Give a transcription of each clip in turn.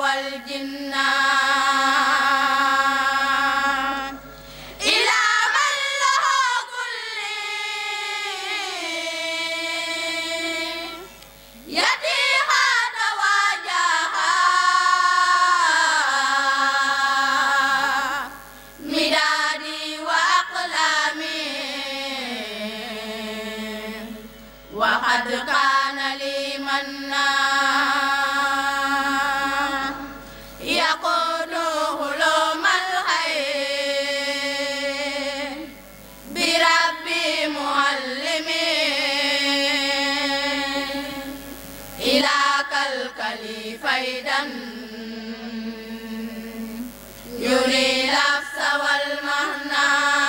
والجنان إلى كالكلي فيدا يري نفس والمهنى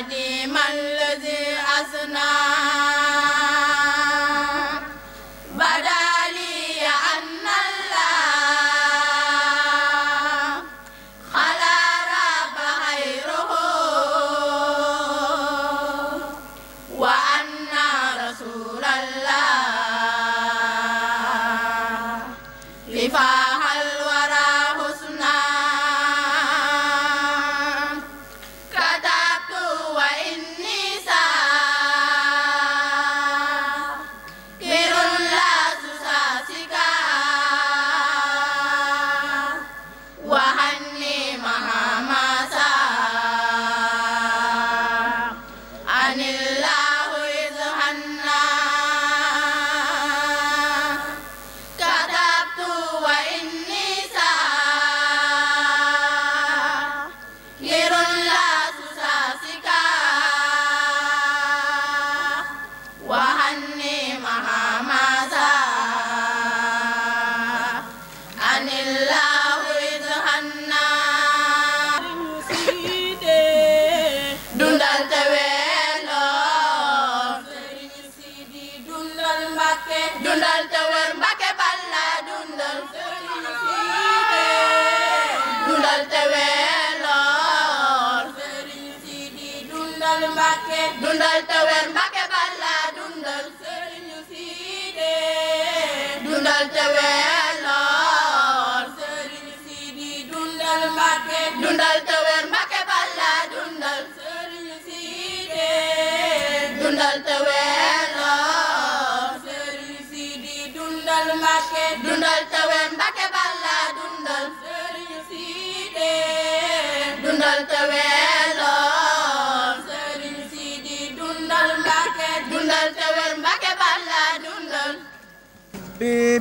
خادم الذي أسنى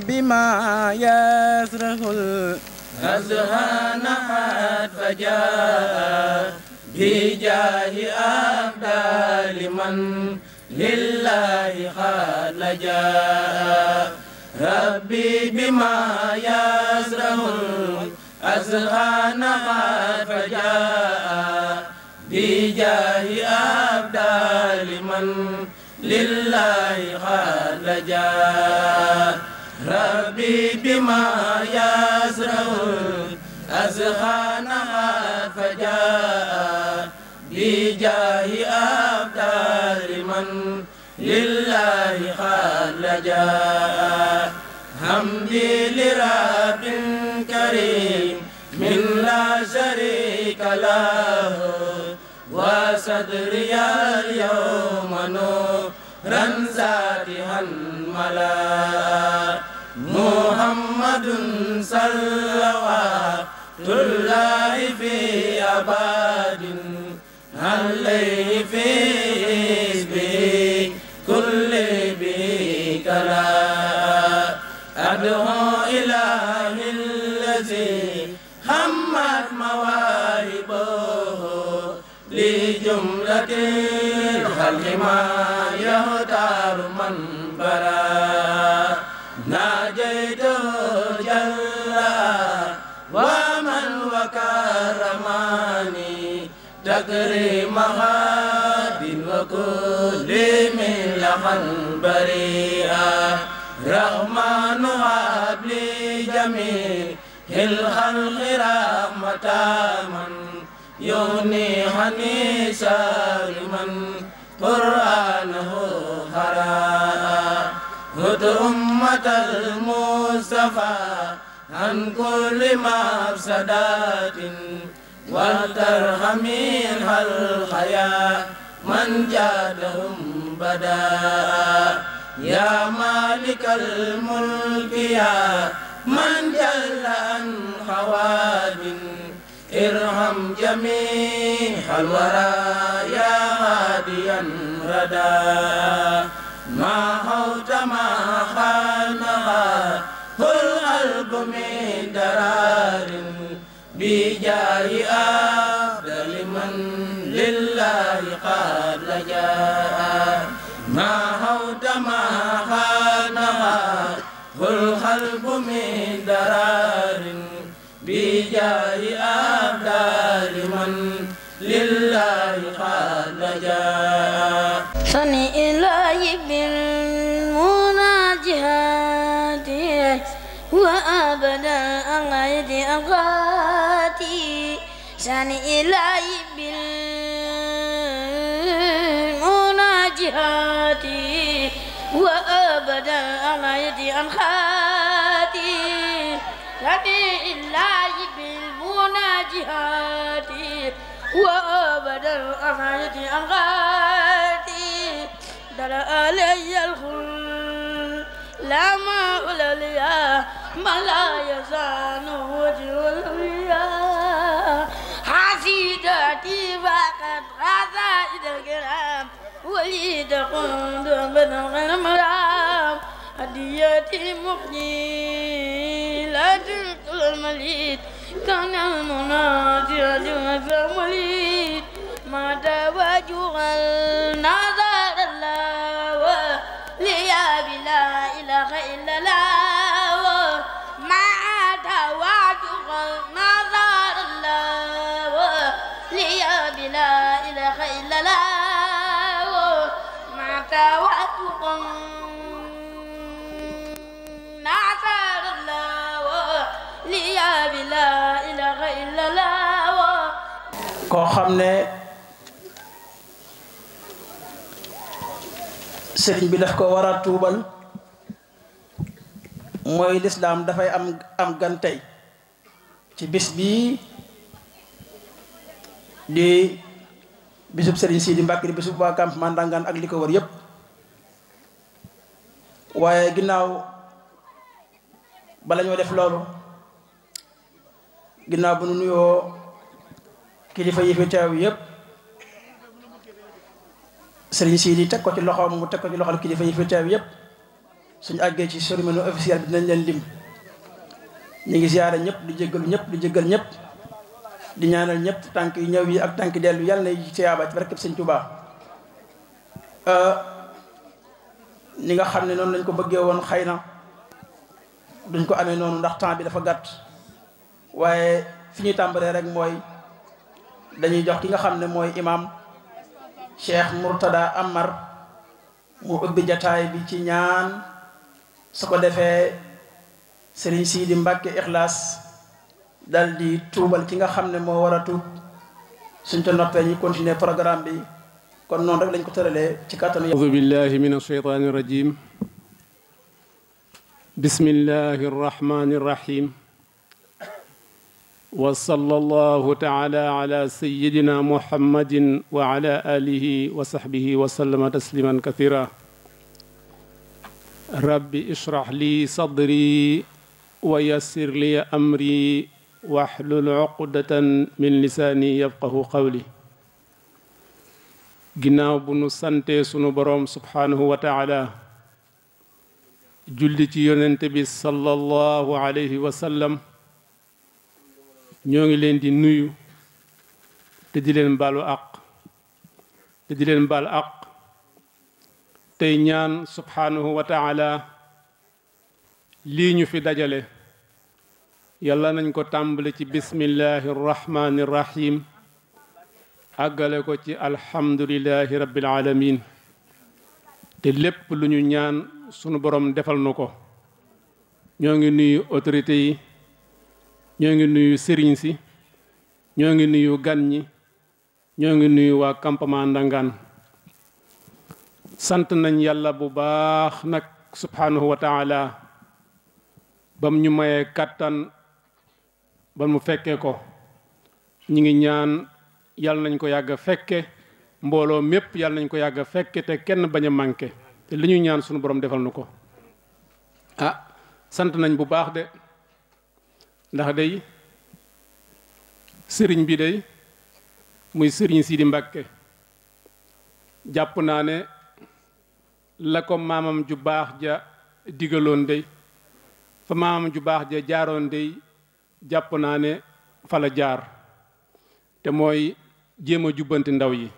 بما يسره الأذهان قد فجاء بجاه أبدال من لله قد لجاء ربي بما يسره أزغان ما فجاء بجاه أبدال من لله قد جاء ربي بما يزرعون أزغان ما فجاء بجاه أبدال من لله قد جاء حمدي لرب كريم من لا شريك له وصدري اليوم نورا ساتها ملا محمد صلوات الله في أباد عليه في أدعو إله الذي همت مواهبه لجملة الخلق ما يهتار من برا ناجيته جل ومن وكرماني تكريمها بالوكل من لمن بريئا لجميع الخلق رحمة من يغني حنيسا لمن قرآنه خرا هد أمة المصطفى عن كل مفسدات والترحم منها الخيا من جادهم بدا يا مالك الملك يا من جل عن خواب ارحم جميع الورى يا هاديا ردا ما حوت ما خانها قل قلب من درار بجاه آه والخلق من درار بجاه أبدال من لله قد جاء صنع إلهي بالمناجهات وأبدا أغيد أغاتي صنع إلهي أبدا أما يدي أم خاتي ربي الله بالبنا جهاتي وأبدا أما يدي أم خاتي دل علي الخل لا ما أولياء ما لا يزال وجه الأولياء حسيدتي فقد غزا إلى الكرام وليد قندم بن غير مرام هديتي مغني لا تنقل المليد كان المنادي جوز المليد ما تواجه النظر الله ليا بلا إله إلا الله ما تواجه النظر الله ليا بلا إله إلا الله ما تواجه koo xam ne sëriñ bi daf ko war a tuubal mooy lislaam dafay am am gan tey ci bis bi di bisub sëriñ Sidi Mbàkke di bisub waa campement Ndangaan ak li ko wër yépp waaye ginnaaw bala ñoo def loolu ginnaaw bu nu nuyoo kilifa yi fi teew yëpp sëriñ Sidi teg ko ci loxoom mu teg ko ci loxol kilifa yi fi teew yëpp suñ àggee ci cérémonie officielle bi dinañ leen lim ñu ngi ziyaara ñëpp di jéggalu ñëpp di jéggal ñëpp di ñaanal ñëpp tànk yu ñaw yi ak tànk dellu yàlla na yi tiyaaba ci barkeb sëñ Tuubaa euh, ni nga xam ne noonu lañ ko bëggee woon xay na duñ ko amee noonu ndax temps bi dafa gàtt waaye fi ñuy tàmbaree rek mooy dañuy jox ki nga xam ne mooy imam cheikh Mourtada Amar mu ubbi jataay bi ci ñaan su ko defee sëriñ Sidi Mbàkke Ixlaas dal di tuubal ki nga xam ne moo war tuub suñ te noppee ñu continuer programme bi kon noonu rek lañ ko tëralee ci kàttanu audu billahi min ashaytaani rajim bismillahi rahmani rahim wa sallallahu taala ala sayidina muhammadin wa ala alihi wa sahbihi wa sallama tasliman kathira rabbi ishrah li sadri wa yassir li amri wahlul uqdatan min lisaani yafqahu qawli ginnaaw bu nu sante sunu boroom subhaanahu wa taala julli ci yonente bi sallallahu alayhi wa sallam ñoo ngi leen di nuyu te di leen baalu àq te di leen baal àq tey ñaan subhaanahu wa lii ñu fi dajale yàlla nañ ko tàmbale ci bismillahi rrahmani rrahim àggale ko ci alhamdulillahi rabbil alamin te lépp lu ñu ñaan sunu borom defal nu ko ñoo ngi nuyu autorité yi ñoo ngi nuyu sëriñ si ñoo ngi nuyu gan ñi ñoo ngi nuyu waa campement sant nañ yàlla bu baax nag subhanahu wa taala bam ñu mayee kàttan ba mu fekkee ko ñu ngi ñaan yàlla nañ ko yàgg a fekke mbooloo mépp yàlla nañ ko yàgg a fekke te kenn bañ a manqué te li ñu ñaan sunu borom defal na ko ah sant nañ bu baax de ndax day sëriñ bi day muy sëriñ Sidi Mbàkke jàpp naa ne la ko maamam ju baax ja digaloon day fa maamam ju baax ja jaaroon dey jàpp naa ne fa la jaar te mooy jéem a jubbanti ndaw yi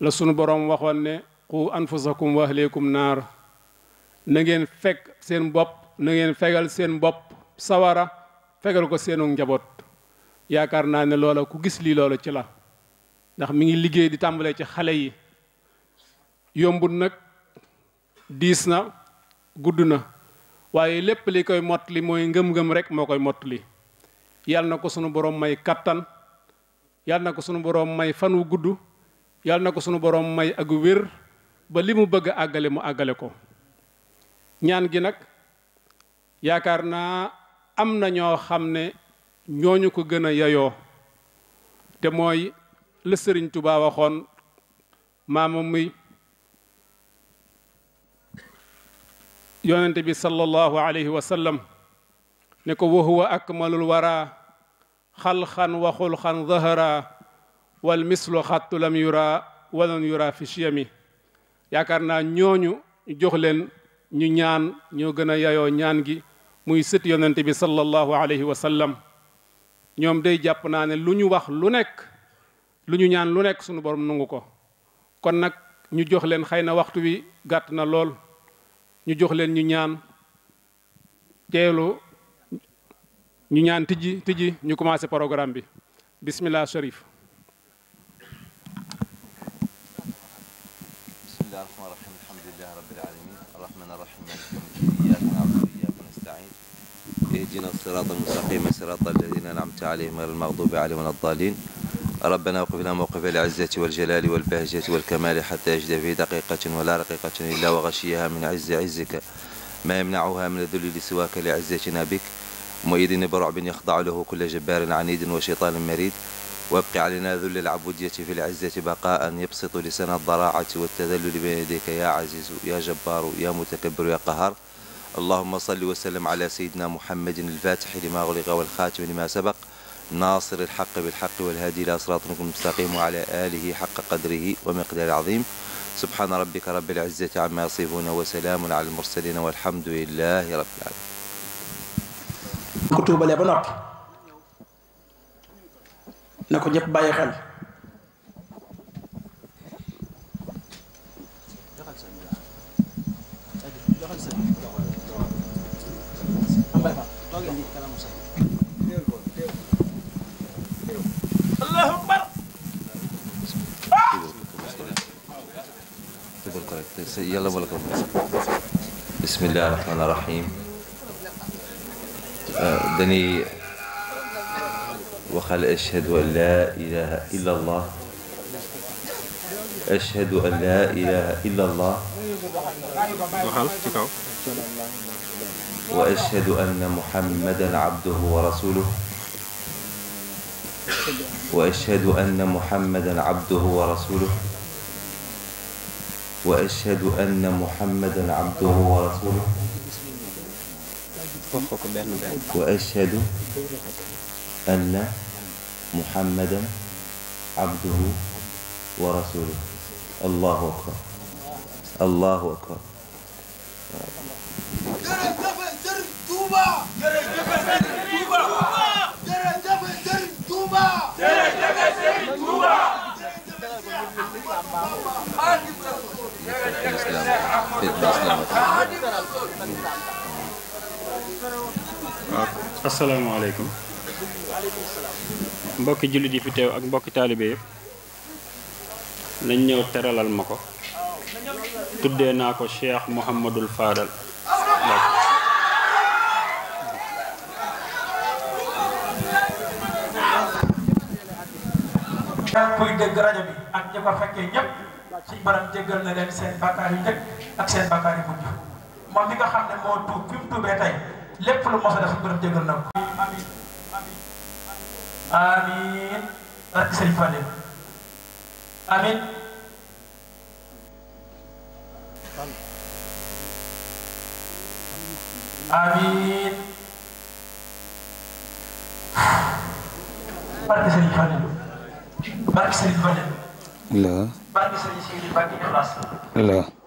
la sunu boroom waxoon ne qu anfusakum wa ahlikum naar na ngeen fekk seen bopp na ngeen fegal seen bopp sawara fegal ko seenu njaboot yaakaar naa ne loola ku gis lii loola ci la ndax mu ngi liggéey di tàmbalee ci xale yi yombul nag diis na gudd na waaye lépp li koy mottali mooy ngëm-ngëm rek moo koy mott li yal na ko sunu boroom may kattan yal na ko sunu boroom may fanwu gudd yal na ko sunu boroom may ak wér ba li mu bëgg àggale mu àggale ko ñaan gi nag yaakaar naa am na ñoo xam ne ñooñu ko gën a yayoo te mooy la sëriñ Tuubaa waxoon maama muy yonente bi sallallahu alayhi wa ne ko wa huwa akmalul wara xalxan wa xulxan zahara wal mislu xattu lam yura walan yura yaakaar naa ñooñu jox leen ñu ñaan ñoo gën a yayoo ñaan gi muy sët yonent bi sallallahu alayhi wa sallam ñoom dey jàpp naa ne lu ñu wax lu nekk lu ñu ñaan lu nekk suñu borom nungu ko kon nag ñu jox leen xëy na waxtu wi gàtt na lool ñu jox leen ñu ñaan teelu ñu ñaan tijji ñu commencé programme bi bismillah sharif اهدنا الصراط المستقيم صراط الذين أنعمت عليهم غير المغضوب عليهم ولا الضالين ربنا وقف لنا موقف العزة والجلال والبهجة والكمال حتى يجد في دقيقة ولا رقيقة إلا وغشيها من عز عزك ما يمنعها من الذل لسواك لعزتنا بك مؤيد برعب يخضع له كل جبار عنيد وشيطان مريد وابق علينا ذل العبودية في العزة بقاء يبسط لسان الضراعة والتذلل بين يديك يا عزيز يا جبار يا متكبر يا قهار اللهم صل وسلم على سيدنا محمد الفاتح لما غلق والخاتم لما سبق ناصر الحق بالحق والهادي إلى صراطكم المستقيم وعلى آله حق قدره ومقدار العظيم سبحان ربك رب العزة عما يصفون وسلام على المرسلين والحمد لله رب العالمين ku tuubalee ba noppi na ko ñëpp bàyyi xel allahu akbar yàlla bala ko bismillahi rahmaani rahim uh, dañuy waxal ashhadu an laa ilaha illa allah ashhadu an laa ilaha illa allah waxal ci kaw وأشهد أن محمدا عبده ورسوله وأشهد أن محمدا عبده ورسوله وأشهد أن محمدا عبده ورسوله وأشهد أن محمدا عبده ورسوله الله أكبر الله أكبر Touba. jërëjëf Serigne Touba. jërëjëf Serigne Touba. jërëjëf mbokki jullit yi fi teew ak mbokki taalibe yëpp ñëw teralal ma ko tuddee naa ko Cheikh Mouhamadul Fadal kuy dégg rajo bi ak ñi ko fekkee ñëpp suñu borom jéggal na leen seen bàkkaar yu njëkk ak seen bàkkaar yu mujj moom mi nga xam ne moo tuub bi mu tuubee tey lépp lu mos a def suñu borom jéggal na ko. amiin amiin rek sëñ Fallé amiin amiin barke sëñ Fallé barke Serigne Bada. la barke Serigne Sidi Mbacke Niass. la.